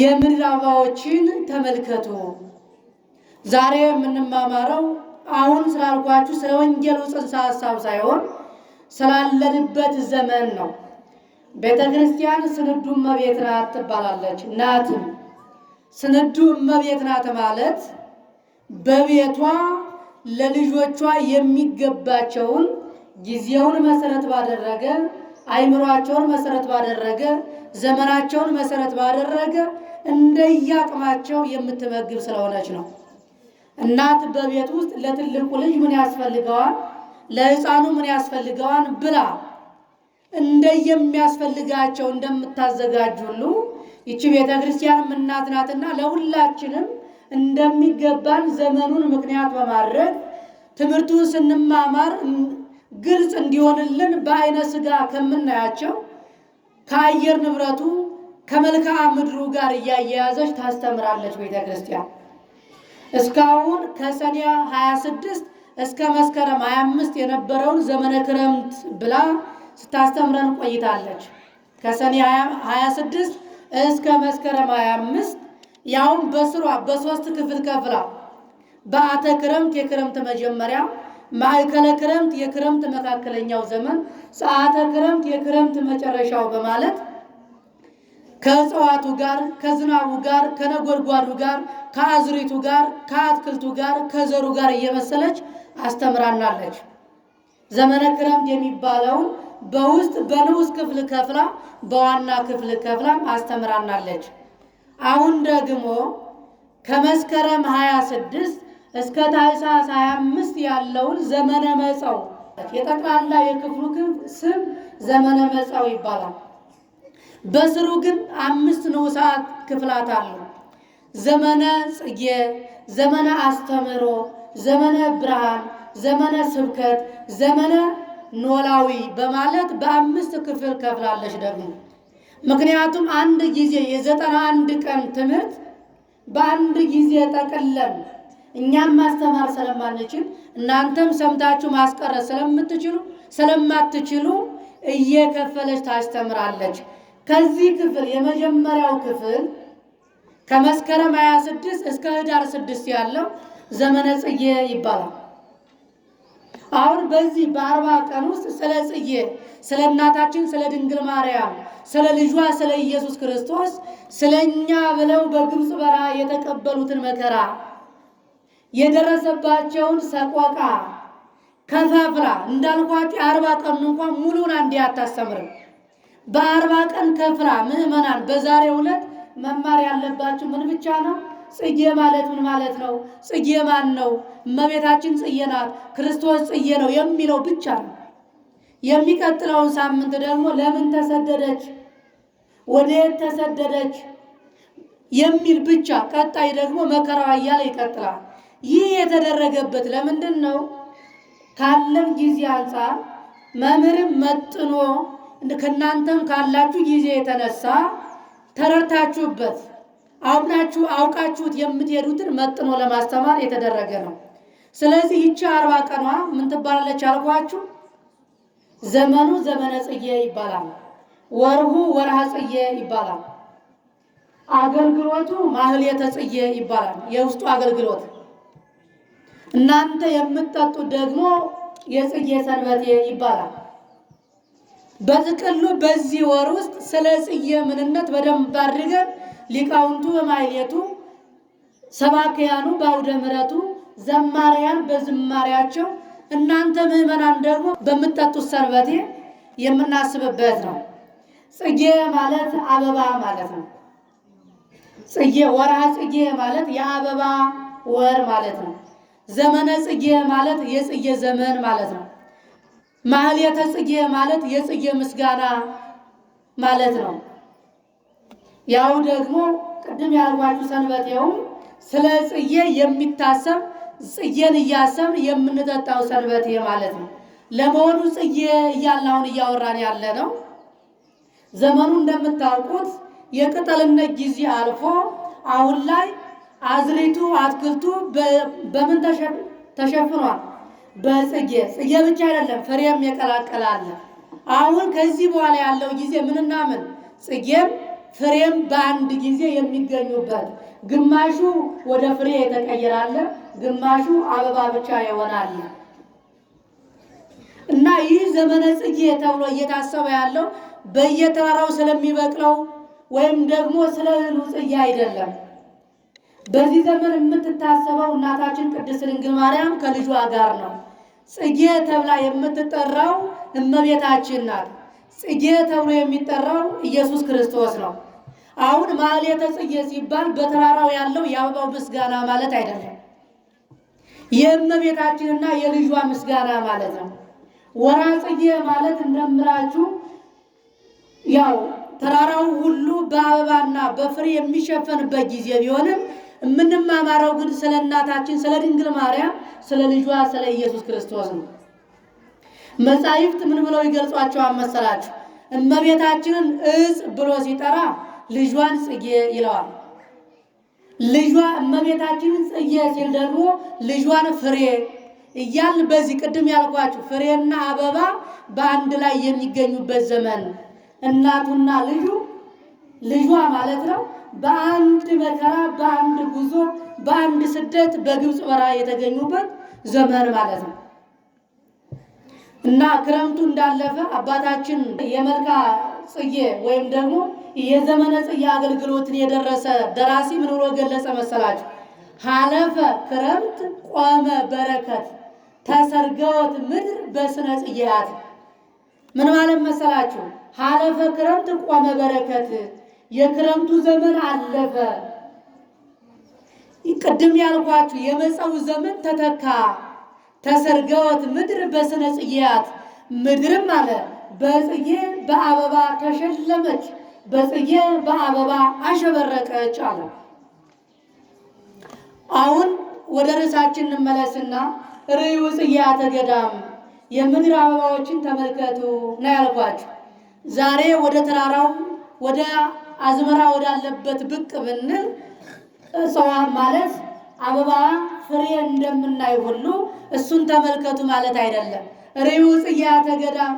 የምንራባዎችን ተመልከቱ። ዛሬ የምንማማረው አሁን ስላልኳችሁ ስለ ወንጌሉ ጽንሰ ሀሳብ ሳይሆን ስላለንበት ዘመን ነው። ቤተ ክርስቲያን ስንዱ እመቤት ናት ትባላለች። ናትም ስንዱ እመቤት ናት ማለት በቤቷ ለልጆቿ የሚገባቸውን ጊዜውን መሰረት ባደረገ አይምሯቸውን መሰረት ባደረገ ዘመናቸውን መሰረት ባደረገ እንደየአቅማቸው የምትመግብ ስለሆነች ነው። እናት በቤት ውስጥ ለትልቁ ልጅ ምን ያስፈልገዋል፣ ለሕፃኑ ምን ያስፈልገዋል ብላ እንደየሚያስፈልጋቸው እንደምታዘጋጅ ሁሉ ይቺ ቤተ ክርስቲያን እናት ናትና ለሁላችንም እንደሚገባን ዘመኑን ምክንያት በማድረግ ትምህርቱን ስንማማር ግልጽ እንዲሆንልን በአይነ ስጋ ከምናያቸው ከአየር ንብረቱ ከመልክዓ ምድሩ ጋር እያያያዘች ታስተምራለች ቤተ ክርስቲያን። እስካሁን ከሰኔ 26 እስከ መስከረም 25 የነበረውን ዘመነ ክረምት ብላ ስታስተምረን ቆይታለች። ከሰኔ 26 እስከ መስከረም 25 ያውም በስሯ በሶስት ክፍል ከፍላ በአተ ክረምት የክረምት መጀመሪያ፣ ማዕከለ ክረምት የክረምት መካከለኛው ዘመን፣ ሰዓተ ክረምት የክረምት መጨረሻው በማለት ከእጽዋቱ ጋር ከዝናቡ ጋር ከነጎድጓዱ ጋር ከአዝሪቱ ጋር ከአትክልቱ ጋር ከዘሩ ጋር እየመሰለች አስተምራናለች። ዘመነ ክረምት የሚባለውን በውስጥ በንዑስ ክፍል ከፍላ በዋና ክፍል ከፍላ አስተምራናለች። አሁን ደግሞ ከመስከረም 26 እስከ ታኅሳስ 25 ያለውን ዘመነ መጸው የጠቅላላ የክፍሉ ስም ዘመነ መጸው ይባላል። በስሩ ግን አምስት ንዑሳት ክፍላት አሉ። ዘመነ ጽጌ፣ ዘመነ አስተምህሮ፣ ዘመነ ብርሃን፣ ዘመነ ስብከት፣ ዘመነ ኖላዊ በማለት በአምስት ክፍል ከፍላለች። ደግሞ ምክንያቱም አንድ ጊዜ የዘጠና አንድ ቀን ትምህርት በአንድ ጊዜ ጠቅለን እኛም ማስተማር ስለማንችል እናንተም ሰምታችሁ ማስቀረት ስለምትችሉ ስለማትችሉ እየከፈለች ታስተምራለች። ከዚህ ክፍል የመጀመሪያው ክፍል ከመስከረም 26 እስከ ህዳር 6 ያለው ዘመነ ጽጌ ይባላል። አሁን በዚህ በአርባ ቀን ውስጥ ስለ ጽጌ ስለ እናታችን ስለ ድንግል ማርያም ስለ ልጇ ስለ ኢየሱስ ክርስቶስ ስለ እኛ ብለው በግብፅ በረሃ የተቀበሉትን መከራ የደረሰባቸውን ሰቆቃ ከፋፍላ እንዳልኳት አርባ ቀን እንኳን ሙሉን አንዴ አታስተምርም። በአርባ ቀን ከፍራ ምዕመናን በዛሬው ዕለት መማር ያለባችሁ ምን ብቻ ነው? ጽጌ ማለት ምን ማለት ነው? ጽጌ ማን ነው? እመቤታችን ጽጌ ናት፣ ክርስቶስ ጽጌ ነው የሚለው ብቻ ነው። የሚቀጥለውን ሳምንት ደግሞ ለምን ተሰደደች፣ ወደየት ተሰደደች የሚል ብቻ። ቀጣይ ደግሞ መከራዋ እያለ ይቀጥላል። ይህ የተደረገበት ለምንድን ነው? ካለም ጊዜ አንጻር መምህርም መጥኖ ከእናንተም ካላችሁ ጊዜ የተነሳ ተረድታችሁበት አሁናችሁ አውቃችሁት የምትሄዱትን መጥኖ ለማስተማር የተደረገ ነው። ስለዚህ ይቺ አርባ ቀኗ ምን ትባላለች አልኳችሁ? ዘመኑ ዘመነ ጽጌ ይባላል። ወርሁ ወርሃ ጽጌ ይባላል። አገልግሎቱ ማህሌተ ጽጌ ይባላል። የውስጡ አገልግሎት እናንተ የምትጠጡት ደግሞ የጽጌ ሰንበቴ ይባላል። በጥቅሉ በዚህ ወር ውስጥ ስለ ጽየ ምንነት በደንብ አድርገን ሊቃውንቱ በማይሌቱ ሰባክያኑ በአውደ ምረቱ ዘማሪያን በዝማሪያቸው እናንተ ምዕመናን ደግሞ በምጠጡት ሰንበቴ የምናስብበት ነው። ጽጌ ማለት አበባ ማለት ነው። ጽጌ ወርሃ ጽጌ ማለት የአበባ ወር ማለት ነው። ዘመነ ጽጌ ማለት የጽጌ ዘመን ማለት ነው። ማህሌተ ጽጌ ማለት የጽጌ ምስጋና ማለት ነው። ያው ደግሞ ቅድም ያልኳችሁ ሰንበቴውም ስለ ጽጌ የሚታሰብ ጽጌን እያሰብ የምንጠጣው ሰንበቴ ማለት ነው። ለመሆኑ ጽጌ እያልን አሁን እያወራን ያለ ነው። ዘመኑ እንደምታውቁት የቅጠልነት ጊዜ አልፎ አሁን ላይ አዝሪቱ አትክልቱ በምን ተሸፍኗል? በጽጌ ጽጌ ብቻ አይደለም ፍሬም የቀላቀለ አለ። አሁን ከዚህ በኋላ ያለው ጊዜ ምንና ምን ጽጌም ፍሬም በአንድ ጊዜ የሚገኙበት ግማሹ ወደ ፍሬ የተቀየራለ፣ ግማሹ አበባ ብቻ ይሆናል እና ይህ ዘመነ ጽጌ ተብሎ እየታሰበ ያለው በየተራራው ስለሚበቅለው ወይም ደግሞ ስለ እህሉ ጽጌ አይደለም። በዚህ ዘመን የምትታሰበው እናታችን ቅድስት ድንግል ማርያም ከልጇ ጋር ነው። ጽጌ ተብላ የምትጠራው እመቤታችን ናት። ጽጌ ተብሎ የሚጠራው ኢየሱስ ክርስቶስ ነው። አሁን ማህሌተ ጽጌ ሲባል በተራራው ያለው የአበባው ምስጋና ማለት አይደለም። የእመቤታችንና የልጇ ምስጋና ማለት ነው። ወራ ጽጌ ማለት እንደምላችሁ ያው ተራራው ሁሉ በአበባና በፍሬ የሚሸፈንበት ጊዜ ቢሆንም የምንማማረው ግን ስለ እናታችን ስለ ድንግል ማርያም ስለ ልጇ ስለ ኢየሱስ ክርስቶስ ነው። መጻሕፍት ምን ብለው ይገልጿቸዋል መሰላችሁ? እመቤታችንን እጽ ብሎ ሲጠራ ልጇን ጽጌ ይለዋል። ልጇ እመቤታችንን ጽጌ ሲል ደግሞ ልጇን ፍሬ እያል በዚህ ቅድም ያልኳችሁ ፍሬና አበባ በአንድ ላይ የሚገኙበት ዘመን እናቱና ልጁ ልጇ ማለት ነው። በአንድ መከራ፣ በአንድ ጉዞ፣ በአንድ ስደት በግብፅ በረሃ የተገኙበት ዘመን ማለት ነው እና ክረምቱ እንዳለፈ አባታችን የመልካ ጽጌ ወይም ደግሞ የዘመነ ጽጌ አገልግሎትን የደረሰ ደራሲ ምን ብሎ ገለጸ መሰላችሁ? ሀለፈ ክረምት ቆመ በረከት ተሰርገወት ምድር በስነ ጽጌያት ምን ማለት መሰላችሁ? ሀለፈ ክረምት ቆመ በረከት የክረምቱ ዘመን አለፈ። ቅድም ያልኳችሁ የመጸው ዘመን ተተካ። ተሰርገወት ምድር በስነ ጽጌያት ምድርም አለ በጽጌ በአበባ ተሸለመች፣ በጽጌ በአበባ አሸበረቀች አለ። አሁን ወደ ርዕሳችን እንመለስና ርእዩ ጽጌያተ ገዳም የምድር አበባዎችን ተመልከቱ ነው ያልኳችሁ። ዛሬ ወደ ተራራው ወደ አዝመራ ወዳለበት ብቅ ብንል እጽዋ ማለት አበባ ፍሬ እንደምናይ ሁሉ እሱን ተመልከቱ ማለት አይደለም። ሬው ጽያ ገዳም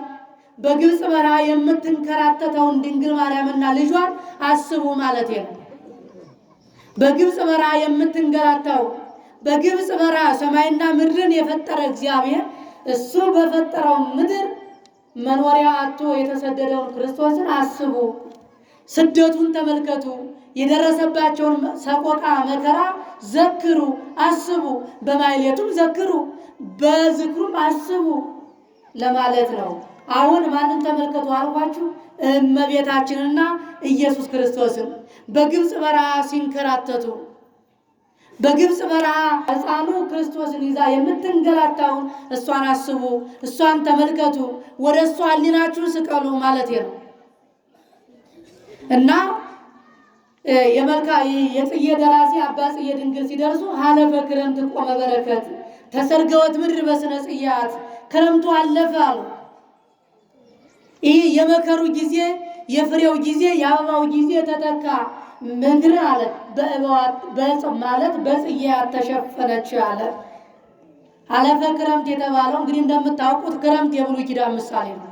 በግብፅ በረሃ የምትንከራተተውን ድንግል ማርያምና ልጇን አስቡ ማለት ነው። በግብፅ በረሃ የምትንገራተው በግብፅ በረሃ ሰማይና ምድርን የፈጠረ እግዚአብሔር እሱ በፈጠረው ምድር መኖሪያ አቶ የተሰደደውን ክርስቶስን አስቡ። ስደቱን ተመልከቱ፣ የደረሰባቸውን ሰቆቃ መከራ ዘክሩ፣ አስቡ። በማይሌቱም ዘክሩ፣ በዝክሩም አስቡ ለማለት ነው። አሁን ማንን ተመልከቱ አልኳችሁ? እመቤታችንና ኢየሱስ ክርስቶስን በግብፅ በረሃ ሲንከራተቱ በግብፅ በረሃ ሕፃኑ ክርስቶስን ይዛ የምትንገላታውን እሷን አስቡ፣ እሷን ተመልከቱ፣ ወደ እሷ ሕሊናችሁን ስቀሉ ማለት ነው። እና የመልካ የጽጌ ደራሲ አባ ጽጌ ድንግል ሲደርሱ ሀለፈ ክረምት ቆመ በረከት ተሰርገወት ምድር በስነ ጽያት ክረምቱ አለፈ አሉ። ይህ የመከሩ ጊዜ የፍሬው ጊዜ የአበባው ጊዜ ተተካ። ምድር አለ በእጽ ማለት በጽያት ተሸፈነች አለ። አለፈ ክረምት የተባለው እንግዲህ እንደምታውቁት ክረምት የብሉይ ኪዳን ምሳሌ ነው።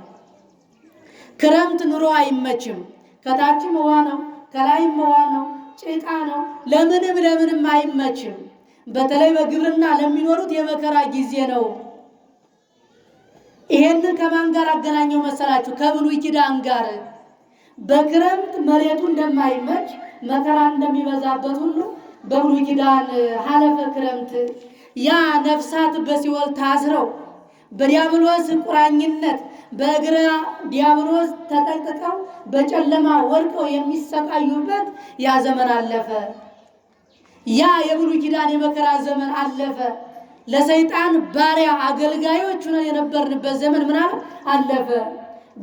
ክረምት ኑሮ አይመችም። ከታችም ውሃ ነው፣ ከላይም ውሃ ነው፣ ጭቃ ነው። ለምንም ለምንም አይመችም። በተለይ በግብርና ለሚኖሩት የመከራ ጊዜ ነው። ይሄንን ከማን ጋር አገናኘው መሰላችሁ? ከብሉይ ኪዳን ጋር። በክረምት መሬቱ እንደማይመች መከራ እንደሚበዛበት ሁሉ በብሉይ ኪዳን ሀለፈ ክረምት ያ ነፍሳት በሲኦል ታስረው በዲያብሎስ ቁራኝነት በእግረ ዲያብሎስ ተጠቅጥቀው በጨለማ ወድቀው የሚሰቃዩበት ያ ዘመን አለፈ። ያ የብሉይ ኪዳን የመከራ ዘመን አለፈ። ለሰይጣን ባሪያ አገልጋዮች ሆነን የነበርንበት ዘመን ምን አለፈ?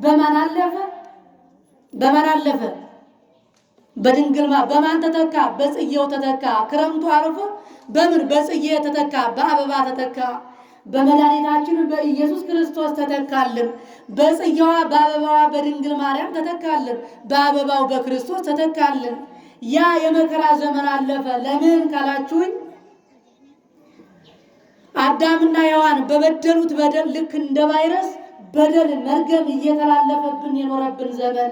በማን አለፈ? በማን አለፈ? በድንግልማ በማን ተተካ? በጽጌው ተተካ። ክረምቱ አልፎ በምን በጽጌ ተተካ፣ በአበባ ተተካ። በመድኃኒታችን በኢየሱስ ክርስቶስ ተተካልን። በጽያዋ በአበባዋ በድንግል ማርያም ተተካልን። በአበባው በክርስቶስ ተተካልን። ያ የመከራ ዘመን አለፈ። ለምን ካላችሁኝ አዳምና ሔዋን በበደሉት በደል ልክ እንደ ቫይረስ በደል መርገም እየተላለፈብን የኖረብን ዘመን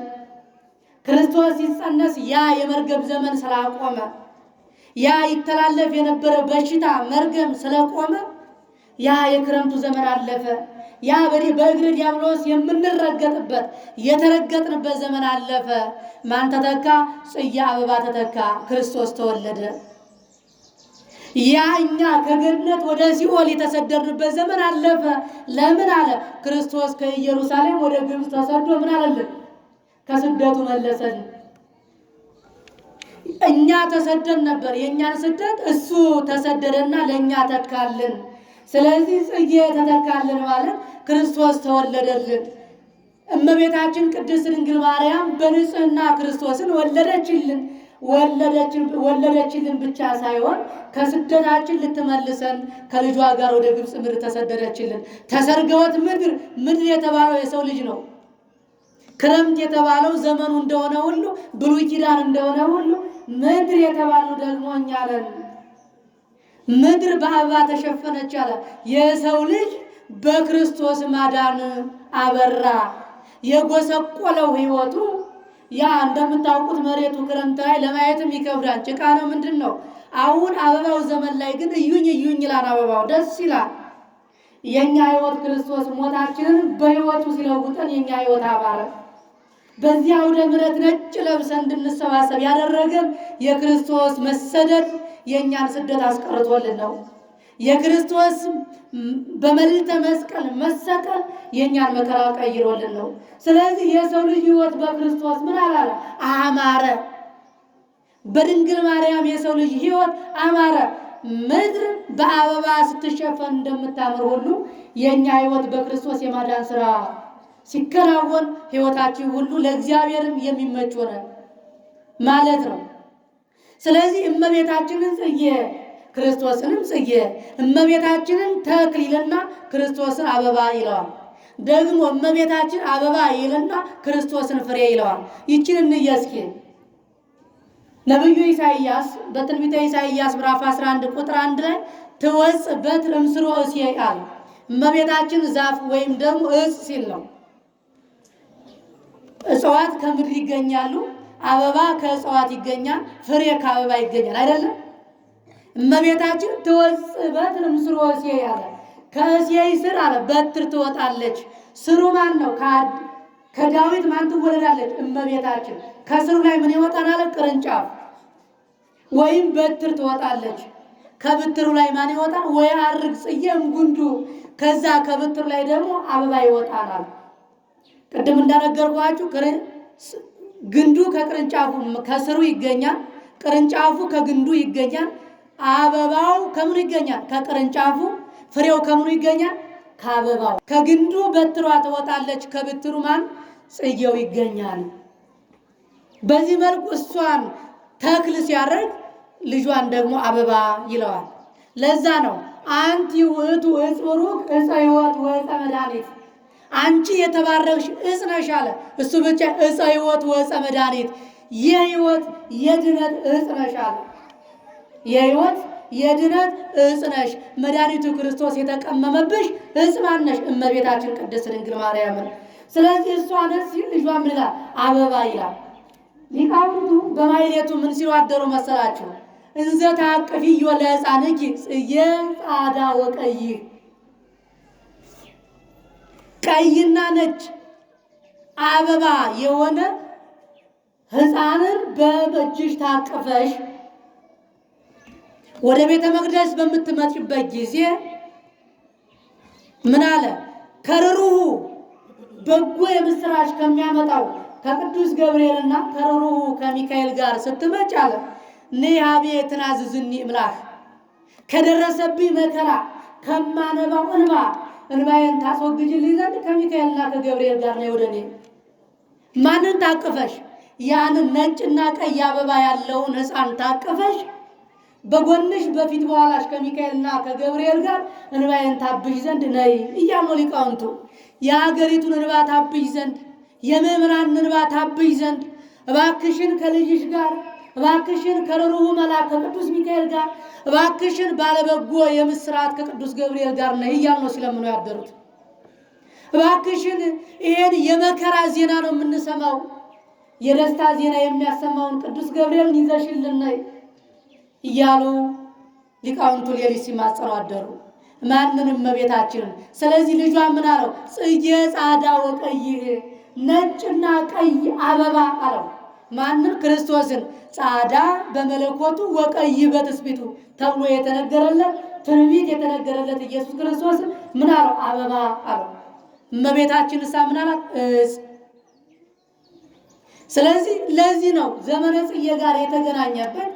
ክርስቶስ ሲጸነስ ያ የመርገም ዘመን ስላቆመ ያ ይተላለፍ የነበረ በሽታ መርገም ስለቆመ ያ የክረምቱ ዘመን አለፈ። ያ በዲህ በእግር ዲያብሎስ የምንረገጥበት የተረገጥንበት ዘመን አለፈ። ማን ተተካ? ጽጌ አበባ ተተካ። ክርስቶስ ተወለደ። ያ እኛ ከገነት ወደ ሲኦል የተሰደድንበት ዘመን አለፈ። ለምን አለ? ክርስቶስ ከኢየሩሳሌም ወደ ግብፅ ተሰዶ ምን አለልን? ከስደቱ መለሰን። እኛ ተሰደን ነበር። የእኛን ስደት እሱ ተሰደደና ለእኛ ተካልን። ስለዚህ ጽጌ ተተካልን ማለት ክርስቶስ ተወለደልን። እመቤታችን ቅድስት ድንግል ማርያም በንጽህና ክርስቶስን ወለደችልን። ወለደችልን ብቻ ሳይሆን ከስደታችን ልትመልሰን ከልጇ ጋር ወደ ግብፅ ምድር ተሰደደችልን። ተሰርገወት ምድር ምድር የተባለው የሰው ልጅ ነው። ክረምት የተባለው ዘመኑ እንደሆነ ሁሉ ብሉይ ኪዳን እንደሆነ ሁሉ ምድር የተባለው ደግሞ እኛ ነን። ምድር በአበባ ተሸፈነች አለ። የሰው ልጅ በክርስቶስ ማዳን አበራ። የጎሰቆለው ህይወቱ ያ እንደምታውቁት መሬቱ ክረምት ላይ ለማየትም ይከብዳል፣ ጭቃ ነው፣ ምንድን ነው። አሁን አበባው ዘመን ላይ ግን እዩኝ እዩኝ ይላል አበባው፣ ደስ ይላል። የእኛ ህይወት ክርስቶስ ሞታችንን በህይወቱ ሲለውጠን የእኛ ህይወት አማረ። በዚያ አውደ ምሕረት ነጭ ለብሰን እንድንሰባሰብ ያደረገን የክርስቶስ መሰደድ የእኛን ስደት አስቀርቶልን ነው። የክርስቶስ በመልዕልተ መስቀል መሰቀል የእኛን መከራ ቀይሮልን ነው። ስለዚህ የሰው ልጅ ሕይወት በክርስቶስ ምን አላለ? አማረ። በድንግል ማርያም የሰው ልጅ ሕይወት አማረ። ምድር በአበባ ስትሸፈን እንደምታምር ሁሉ የእኛ ሕይወት በክርስቶስ የማዳን ስራ ሲከናወን ህይወታችን ሁሉ ለእግዚአብሔርም የሚመች ሆነ ማለት ነው። ስለዚህ እመቤታችንን ጽጌ ክርስቶስንም ጽጌ፣ እመቤታችንን ተክል ይልና ክርስቶስን አበባ ይለዋል። ደግሞ እመቤታችን አበባ ይልና ክርስቶስን ፍሬ ይለዋል። ይችን እንየስኪ ነቢዩ ኢሳይያስ በትንቢተ ኢሳይያስ ምዕራፍ 11 ቁጥር 1 ላይ ትወጽእ በትር እምስሮ እስየ አለ። እመቤታችን ዛፍ ወይም ደግሞ እጽ ሲል ነው። እጽዋት ከምድር ይገኛሉ። አበባ ከእጽዋት ይገኛል። ፍሬ ከአበባ ይገኛል። አይደለም እመቤታችን ትወፅእ በትር ምስሮ እሴ ያለ ከእሴይ ስር አለ በትር ትወጣለች። ስሩ ማን ነው? ከዳዊት ማን ትወለዳለች? እመቤታችን። ከስሩ ላይ ምን ይወጣል አለ? ቅርንጫፍ ወይም በትር ትወጣለች። ከብትሩ ላይ ማን ይወጣል? ወይ አርግ ጽየም ጉንዱ ከዛ ከብትሩ ላይ ደግሞ አበባ ይወጣላል። ቅድም እንደነገርኳችሁ ግንዱ ከቅርንጫፉ ከስሩ ይገኛል። ቅርንጫፉ ከግንዱ ይገኛል። አበባው ከምኑ ይገኛል? ከቅርንጫፉ። ፍሬው ከምኑ ይገኛል? ከአበባው። ከግንዱ በትሯ ትወጣለች፣ ከብትሩ ማን ጽጌው ይገኛል። በዚህ መልኩ እሷን ተክል ሲያደርግ ልጇን ደግሞ አበባ ይለዋል። ለዛ ነው አንቲ ውእቱ እጽ ቡሩክ ሕይወት መድኃኒት አንቺ የተባረክሽ እጽ ነሽ አለ። እሱ ብቻ እፀ ህይወት ወፀ መድኃኒት የህይወት የድነት እጽ ነሽ አለ። የህይወት የድነት እጽ ነሽ፣ መድኃኒቱ ክርስቶስ የተቀመመብሽ እጽ ማነሽ? እመቤታችን ቅድስት ድንግል ማርያም። ስለዚህ እሷ ነስ ልጇ ምን ይላል? አበባ ይላል። ሊቃውንቱ በማይሌቱ ምን ሲሉ አደሩ መሰላችሁ? እንዘ ታቅፊዮ ለሕፃንኪ ጽጌ ጻዕዳ ወቀይህ ቀይና ነጭ አበባ የሆነ ሕፃንን በእጅሽ ታቅፈሽ ወደ ቤተ መቅደስ በምትመጪበት ጊዜ ምን አለ? ከርሩሁ በጎ የምስራች ከሚያመጣው ከቅዱስ ገብርኤልና ከርሩሁ ከሚካኤል ጋር ስትመጭ አለ ንያቤ ትናዝዝኒ እምላህ ከደረሰብኝ መከራ ከማነባው እንባ እንባዬን ታስወግጅልኝ ዘንድ ከሚካኤልና ከገብርኤል ጋር ነው ወደ እኔ ማንን ታቅፈሽ ያንን ነጭና ቀይ አበባ ያለውን ሕፃን ታቅፈሽ በጎንሽ በፊት በኋላሽ ከሚካኤልና ከገብርኤል ጋር እንባዬን ታብሽ ዘንድ ነይ እያሉ ሊቃውንቱ የሀገሪቱን እንባ ታብሽ ዘንድ የመምህራንን እንባ ታብሽ ዘንድ እባክሽን ከልጅሽ ጋር እባክሽን ከርሩህ መልአክ ከቅዱስ ሚካኤል ጋር እባክሽን ባለበጎ የምስራት ከቅዱስ ገብርኤል ጋር ነይ እያሉ ነው ሲለምኑ ያደሩት። እባክሽን ይሄን የመከራ ዜና ነው የምንሰማው፣ የደስታ ዜና የሚያሰማውን ቅዱስ ገብርኤልን ይዘሽልን ነይ እያሉ ሊቃውንቱ ሌሊት ሲማጸኑ አደሩ። ማንንም እመቤታችንን። ስለዚህ ልጇ ምን አለው? ጽጌ ጻዳ ወቀይሕ ነጭና ቀይ አበባ አለው። ማንም ክርስቶስን ጻዳ በመለኮቱ ወቀይ በትስቢቱ ተብሎ የተነገረለት ትንቢት የተነገረለት ኢየሱስ ክርስቶስን ምን አለው? አበባ አለው። እመቤታችን እሳ ምን አላት? ስለዚህ ለዚህ ነው ዘመነ ጽጌ ጋር የተገናኘበት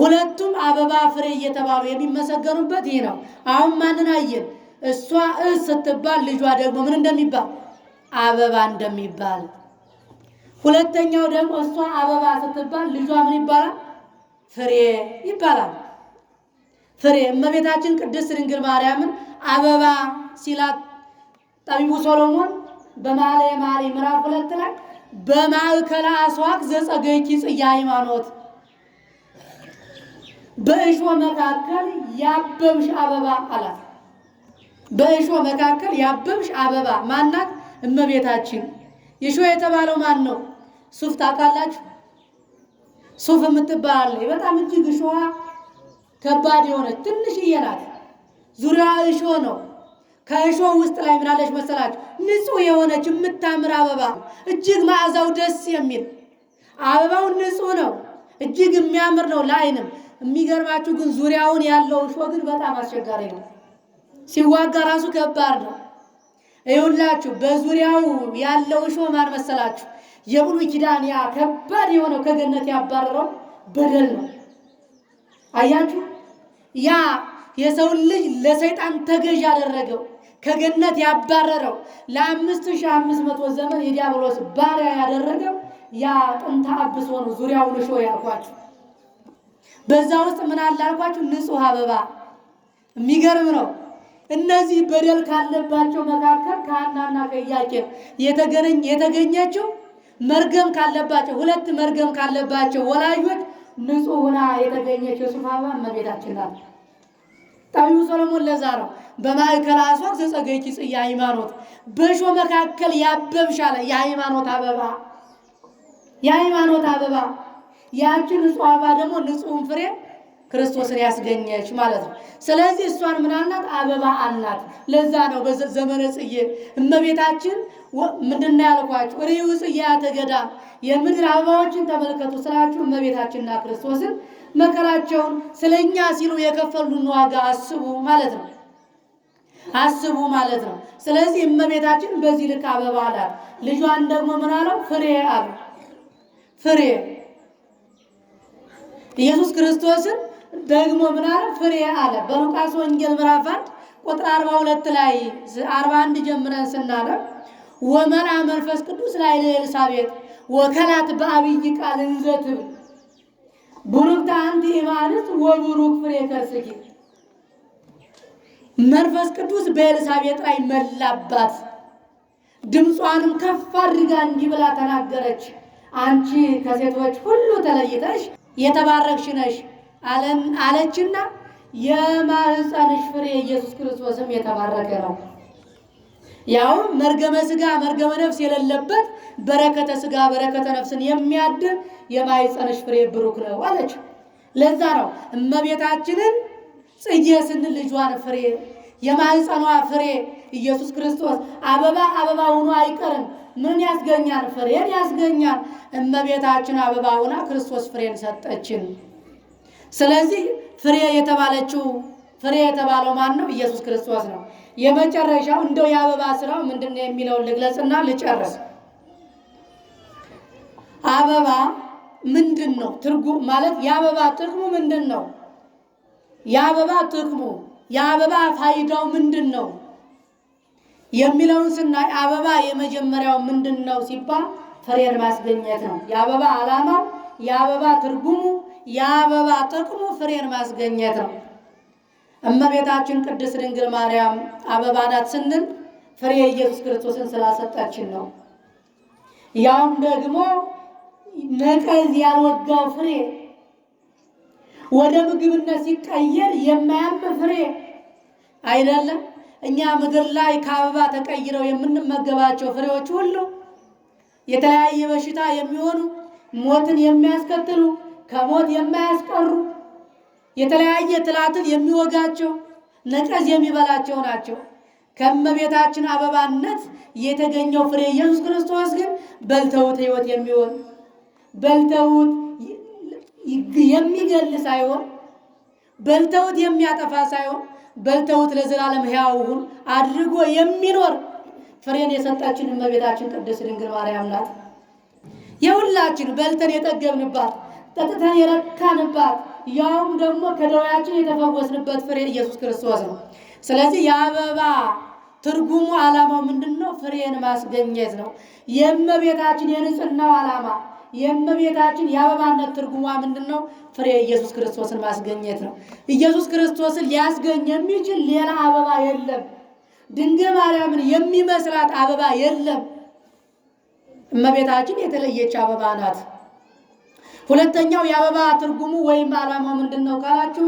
ሁለቱም አበባ ፍሬ እየተባሉ የሚመሰገኑበት ይህ ነው። አሁን ማንን አየን? እሷ እስ ስትባል ልጇ ደግሞ ምን እንደሚባል አበባ እንደሚባል ሁለተኛው ደግሞ እሷ አበባ ስትባል ልጇ ምን ይባላል? ፍሬ ይባላል። ፍሬ እመቤታችን ቅድስት ድንግል ማርያምን አበባ ሲላት ጠቢቡ ሶሎሞን በመኃልየ መኃልይ ምዕራፍ ሁለት ላይ በማእከለ አስዋክ ዘጸገይኪ ጽጌ ሃይማኖት፣ በእሾ መካከል ያበብሽ አበባ አላት። በእሾ መካከል ያበብሽ አበባ ማናት? እመቤታችን ይሾ የተባለው ማን ነው? ሱፍ ታውቃላችሁ? ሱፍ የምትባል በጣም እጅግ እሾዋ ከባድ የሆነች ትንሽዬ ናት። ዙሪያ እሾ ነው። ከእሾ ውስጥ ላይ ምናለች መሰላችሁ? ንጹህ የሆነች የምታምር አበባ እጅግ መዓዛው ደስ የሚል አበባው ንጹህ ነው፣ እጅግ የሚያምር ነው ለአይንም የሚገርማችሁ ግን ዙሪያውን ያለው እሾ ግን በጣም አስቸጋሪ ነው። ሲዋጋ ራሱ ከባድ ነው። ይሁላችሁ በዙሪያው ያለው እሾህ ማን መሰላችሁ? የብሉይ ኪዳን ያ ከባድ የሆነው ከገነት ያባረረው በደል ነው። አያችሁ፣ ያ የሰውን ልጅ ለሰይጣን ተገዥ ያደረገው ከገነት ያባረረው ለአምስት ሺህ አምስት መቶ ዘመን የዲያብሎስ ባሪያ ያደረገው ያ ጥንተ አብሶ ነው። ዙሪያውን እሾህ ያልኳችሁ። በዛ ውስጥ ምን አለ አልኳችሁ? አበባ። የሚገርም ነው። እነዚህ በደል ካለባቸው መካከል ከሐናና ከኢያቄም የተገኘችው መርገም ካለባቸው ሁለት መርገም ካለባቸው ወላጆች ንጹሕ ሆና የተገኘች ዮሱፍ አበባ እመቤታችን ናት። ጠቢቡ ሰሎሞን ለዛ ነው በማእከለ አስዋቅ ዘጸገኪ ጽጌ ሃይማኖት በሾ መካከል ያበብሻለ የሃይማኖት አበባ የሃይማኖት አበባ ያችን ንጹሕ አበባ ደግሞ ንጹሕን ፍሬ ክርስቶስን ያስገኘች ማለት ነው። ስለዚህ እሷን ምን አልናት? አበባ አልናት። ለዛ ነው በዘመነ ጽጌ እመቤታችን ምንድና ያልኳቸው ርዩ ጽጌያተ ገዳም የምድር አበባዎችን ተመልከቱ ስላችሁ እመቤታችንና ክርስቶስን መከራቸውን ስለኛ ሲሉ የከፈሉን ዋጋ አስቡ ማለት ነው። አስቡ ማለት ነው። ስለዚህ እመቤታችን በዚህ ልክ አበባ አላት። ልጇን ደግሞ ምን አለው? ፍሬ አለ። ፍሬ ኢየሱስ ክርስቶስን ደግሞ ምን አለ ፍሬ አለ። በሉቃስ ወንጌል ምዕራፍ አንድ ቁጥር 42 ላይ 41 ጀምረን ስናነብ ወመና መንፈስ ቅዱስ ላይ ለኤልሳቤጥ ወከላት በአብይ ቃል እንዘት ቡሩክታ አንቲ ማለት ወቡሩክ ፍሬ ከርስኪ መንፈስ ቅዱስ በኤልሳቤጥ ላይ መላባት። ድምጿንም ከፍ አድርጋ እንዲህ ብላ ተናገረች፣ አንቺ ከሴቶች ሁሉ ተለይተሽ የተባረክሽ ነሽ አለችና የማህፀንሽ ፍሬ ኢየሱስ ክርስቶስም የተባረከ ነው። ያውም መርገመ ስጋ መርገመ ነፍስ የሌለበት በረከተ ስጋ በረከተ ነፍስን የሚያድር የማህፀንሽ ፍሬ ብሩክ ነው አለች። ለዛ ነው እመቤታችንን ጽጌ ስንል ልጇን ፍሬ የማህፀኗ ፍሬ ኢየሱስ ክርስቶስ አበባ አበባ ሆኖ አይቀርም። ምን ያስገኛል? ፍሬን ያስገኛል። እመቤታችን አበባ ሆና ክርስቶስ ፍሬን ሰጠችን። ስለዚህ ፍሬ የተባለችው ፍሬ የተባለው ማን ነው? ኢየሱስ ክርስቶስ ነው። የመጨረሻው እንደው የአበባ ስራው ምንድን ነው የሚለውን ልግለጽና ልጨርስ። አበባ ምንድን ነው ትርጉም ማለት የአበባ ጥቅሙ ምንድን ነው? የአበባ ጥቅሙ የአበባ ፋይዳው ምንድን ነው የሚለውን ስናይ አበባ የመጀመሪያው ምንድን ነው ሲባል ፍሬን ማስገኘት ነው። የአበባ ዓላማው የአበባ ትርጉሙ የአበባ ጥቅሙ ፍሬን ማስገኘት ነው። እመቤታችን ቅድስት ድንግል ማርያም አበባ ናት ስንል ፍሬ ኢየሱስ ክርስቶስን ስላሰጣችን ነው። ያውም ደግሞ ነቀዝ ያልወጋው ፍሬ ወደ ምግብነት ሲቀየር የማያም ፍሬ አይደለም። እኛ ምድር ላይ ከአበባ ተቀይረው የምንመገባቸው ፍሬዎች ሁሉ የተለያየ በሽታ የሚሆኑ ሞትን የሚያስከትሉ ከሞት የማያስቀሩ የተለያየ ትላትል የሚወጋቸው ነቀዝ የሚበላቸው ናቸው። ከእመቤታችን አበባነት የተገኘው ፍሬ ኢየሱስ ክርስቶስ ግን በልተውት ሕይወት የሚሆን በልተውት የሚገል ሳይሆን በልተውት የሚያጠፋ ሳይሆን በልተውት ለዘላለም ሕያውን አድርጎ የሚኖር ፍሬን የሰጣችን እመቤታችን ቅድስት ድንግል ማርያም ናት። የሁላችን በልተን የጠገብንባት ጠጥተን የረካንባት ያውም ደግሞ ከደዌያችን የተፈወስንበት ፍሬ ኢየሱስ ክርስቶስ ነው። ስለዚህ የአበባ ትርጉሙ ዓላማው ምንድን ነው? ፍሬን ማስገኘት ነው። የእመቤታችን የንጽህናው ዓላማ የእመቤታችን የአበባነት ትርጉሟ ምንድን ነው? ፍሬ ኢየሱስ ክርስቶስን ማስገኘት ነው። ኢየሱስ ክርስቶስን ሊያስገኝ የሚችል ሌላ አበባ የለም። ድንግል ማርያምን የሚመስላት አበባ የለም። እመቤታችን የተለየች አበባ ናት። ሁለተኛው የአበባ ትርጉሙ ወይም ዓላማው ምንድን ነው ካላችሁ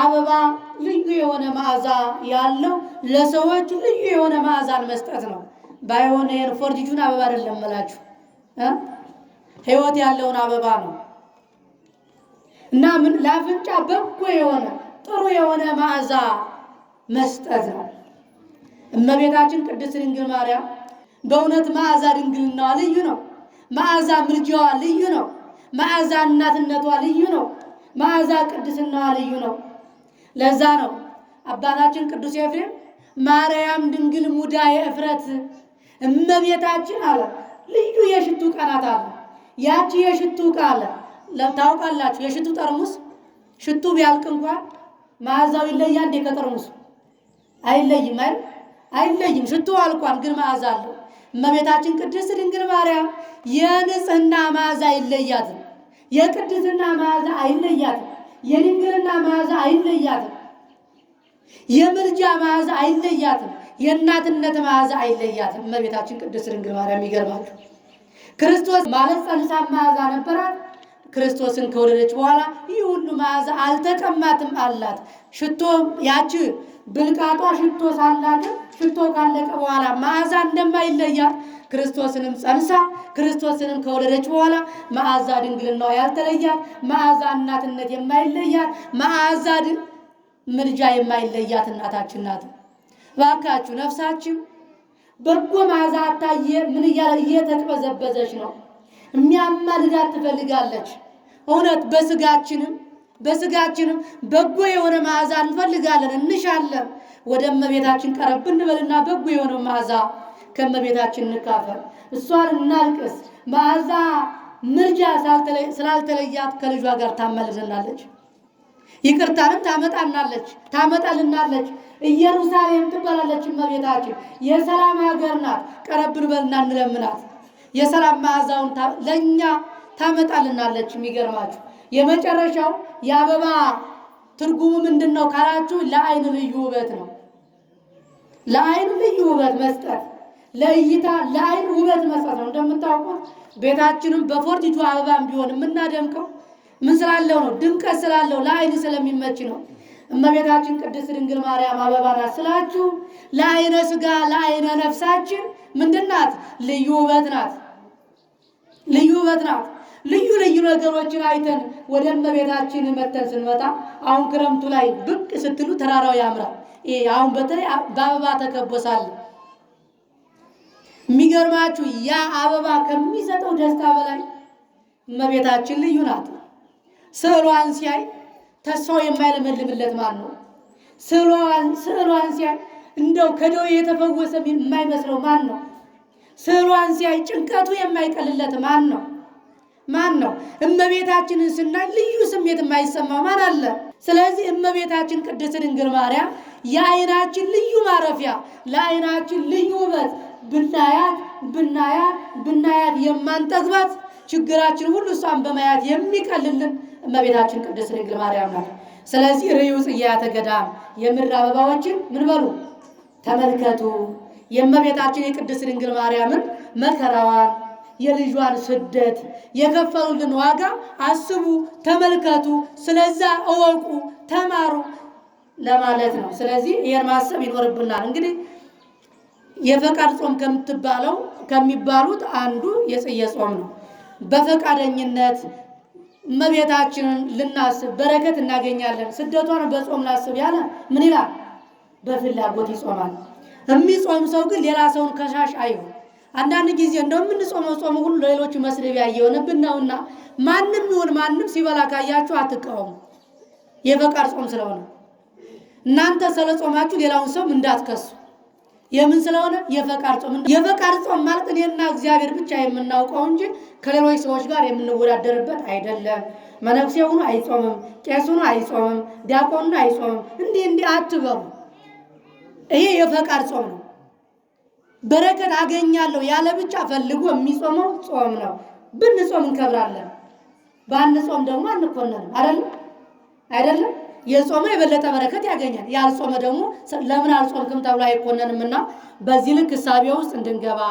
አበባ ልዩ የሆነ መዓዛ ያለው ለሰዎች ልዩ የሆነ መዓዛን መስጠት ነው። ባይሆን የፎርጂጁን አበባ አይደለም እላችሁ ህይወት ያለውን አበባ ነው እና ምን ለአፍንጫ በጎ የሆነ ጥሩ የሆነ መዓዛ መስጠት ነው። እመቤታችን ቅድስት ድንግል ማርያም በእውነት መዓዛ ድንግልናዋ ልዩ ነው። መዓዛ ምልጃዋ ልዩ ነው። መዓዛ እናትነቷ ልዩ ነው። መዓዛ ቅድስናዋ ልዩ ነው። ለዛ ነው አባታችን ቅዱስ ኤፍሬም ማርያም ድንግል ሙዳየ እፍረት እመቤታችን አለ። ልዩ የሽቱ ቀናት አለ። ያቺ የሽቱ ቃለ ታውቃላችሁ። የሽቱ ጠርሙስ ሽቱ ቢያልቅ እንኳን መዓዛው ይለያ እንዴ? ከጠርሙስ አይለይም አይደል? አይለይም። ሽቱ አልቋል፣ ግን መዓዛ አለው። እመቤታችን ቅድስት ድንግል ማርያም የንጽህና መዓዛ ይለያት። የቅድስና መዓዛ አይለያትም። የድንግልና መዓዛ አይለያትም። የምልጃ መዓዛ አይለያትም። የእናትነት መዓዛ አይለያትም። እመቤታችን ቅድስት ድንግል ማርያም ይገርማሉ። ክርስቶስ ማለት ጸንሳ መዓዛ ነበራት። ክርስቶስን ከወለደች በኋላ ይህ ሁሉ መዓዛ አልተቀማትም አላት። ሽቶ ያቺ ብልቃጧ ሽቶ ሳላትም ሽቶ ካለቀ በኋላ መዓዛ እንደማይለያት ክርስቶስንም ጸንሳ ክርስቶስንም ከወለደች በኋላ መዓዛ ድንግልናዋ ያልተለያት መዓዛ እናትነት የማይለያት መዓዛ ምልጃ የማይለያት እናታችን ናት። ባካችሁ ነፍሳችን በጎ መዓዛ አታየ ምን እየተቅበዘበዘች ነው። የሚያማልዳት ትፈልጋለች። እውነት በስጋችንም በስጋችንም በጎ የሆነ መዓዛ እንፈልጋለን እንሻለን። ወደ እመቤታችን ቀረብ እንበልና በጎ የሆነ መዓዛ ከእመቤታችን እንካፈል። እሷን እናልቅስ። መዓዛ ምርጃ ስላልተለያት ከልጇ ጋር ታመልሰናለች። ይቅርታንም ታመጣናለች ታመጣልናለች። ኢየሩሳሌም ትባላለች እመቤታችን። የሰላም ሀገር ናት። ቀረብ እንበልና እንለምናት። የሰላም መዓዛውን ለእኛ ታመጣልናለች። የሚገርማችሁ የመጨረሻው የአበባ ትርጉሙ ምንድን ነው ካላችሁ፣ ለአይን ልዩ ውበት ነው። ለአይን ልዩ ውበት መስጠት፣ ለእይታ ለአይን ውበት መስጠት ነው። እንደምታውቁት ቤታችንም በፎርቲቱ አበባም ቢሆን የምናደምቀው ምን ስላለው ነው? ድምቀት ስላለው ለአይን ስለሚመች ነው። እመቤታችን ቅድስት ድንግል ማርያም አበባ ናት ስላችሁ፣ ለአይነ ስጋ ለአይነ ነፍሳችን ምንድን ናት? ልዩ ውበት ናት። ልዩ ውበት ናት። ልዩ ልዩ ነገሮችን አይተን ወደ እመቤታችን መተን ስንመጣ አሁን ክረምቱ ላይ ብቅ ስትሉ ተራራው ያምራል። አሁን በተለይ በአበባ ተከቦሳለ። የሚገርማችሁ ያ አበባ ከሚሰጠው ደስታ በላይ እመቤታችን ልዩ ናት። ስዕሏን ሲያይ ተስፋው የማይለመልምለት ማን ነው? ስዕሏን ሲያይ እንደው ከደዌ የተፈወሰ የማይመስለው ማን ነው? ስዕሏን ሲያይ ጭንቀቱ የማይቀልለት ማን ነው? ማን ነው? እመቤታችንን ስናይ ልዩ ስሜት የማይሰማ ማን አለ? ስለዚህ እመቤታችን ቅድስት ድንግል ማርያም የአይናችን ልዩ ማረፊያ፣ ለአይናችን ልዩ ውበት ብናያት ብናያት ብናያት የማንጠግባት ችግራችን ሁሉ እሷን በማያት የሚቀልልን እመቤታችን ቅድስት ድንግል ማርያም ናት። ስለዚህ ርዩ ጽጌያተ ገዳም የምድር አበባዎችን ምን በሉ ተመልከቱ። የእመቤታችን የቅድስት ድንግል ማርያምን መከራዋን የልጇን ስደት የከፈሉትን ዋጋ አስቡ፣ ተመልከቱ፣ ስለዛ እወቁ፣ ተማሩ ለማለት ነው። ስለዚህ ይህን ማሰብ ይኖርብናል። እንግዲህ የፈቃድ ጾም ከምትባለው ከሚባሉት አንዱ የጽጌ ጾም ነው። በፈቃደኝነት እመቤታችንን ልናስብ በረከት እናገኛለን። ስደቷን በጾም ላስብ ያለ ምን ይላል? በፍላጎት ይጾማል። የሚጾም ሰው ግን ሌላ ሰውን ከሻሽ አይሆን አንዳንድ ጊዜ እንደምንጾመው ጾሙ ሁሉ ለሌሎቹ መስደቢያ እየሆነብን ነውና ማንም ይሁን ማንም ሲበላ ካያችሁ አትቃወሙ። የፈቃድ ጾም ስለሆነ እናንተ ስለ ጾማችሁ ሌላውን ሰው እንዳትከሱ። የምን ስለሆነ የፈቃድ ጾም። የፈቃድ ጾም ማለት እኔና እግዚአብሔር ብቻ የምናውቀው እንጂ ከሌሎች ሰዎች ጋር የምንወዳደርበት አይደለም። መነኩሴ ሆኖ አይጾምም፣ ቄስ ሆኖ አይጾምም፣ ዲያቆን ሆኖ አይጾምም። እንዲህ እንዲህ አትበሉ። ይሄ የፈቃድ ጾም ነው። በረከት አገኛለሁ ያለ ብቻ ፈልጎ የሚጾመው ጾም ነው። ብንጾም እንከብራለን፣ ባንጾም ደግሞ አንኮነንም። አይደለም አይደለም። የጾመ የበለጠ በረከት ያገኛል። ያልጾመ ደግሞ ለምን አልጾምክም ተብሎ አይኮነንም እና በዚህ ልክ እሳቤ ውስጥ እንድንገባ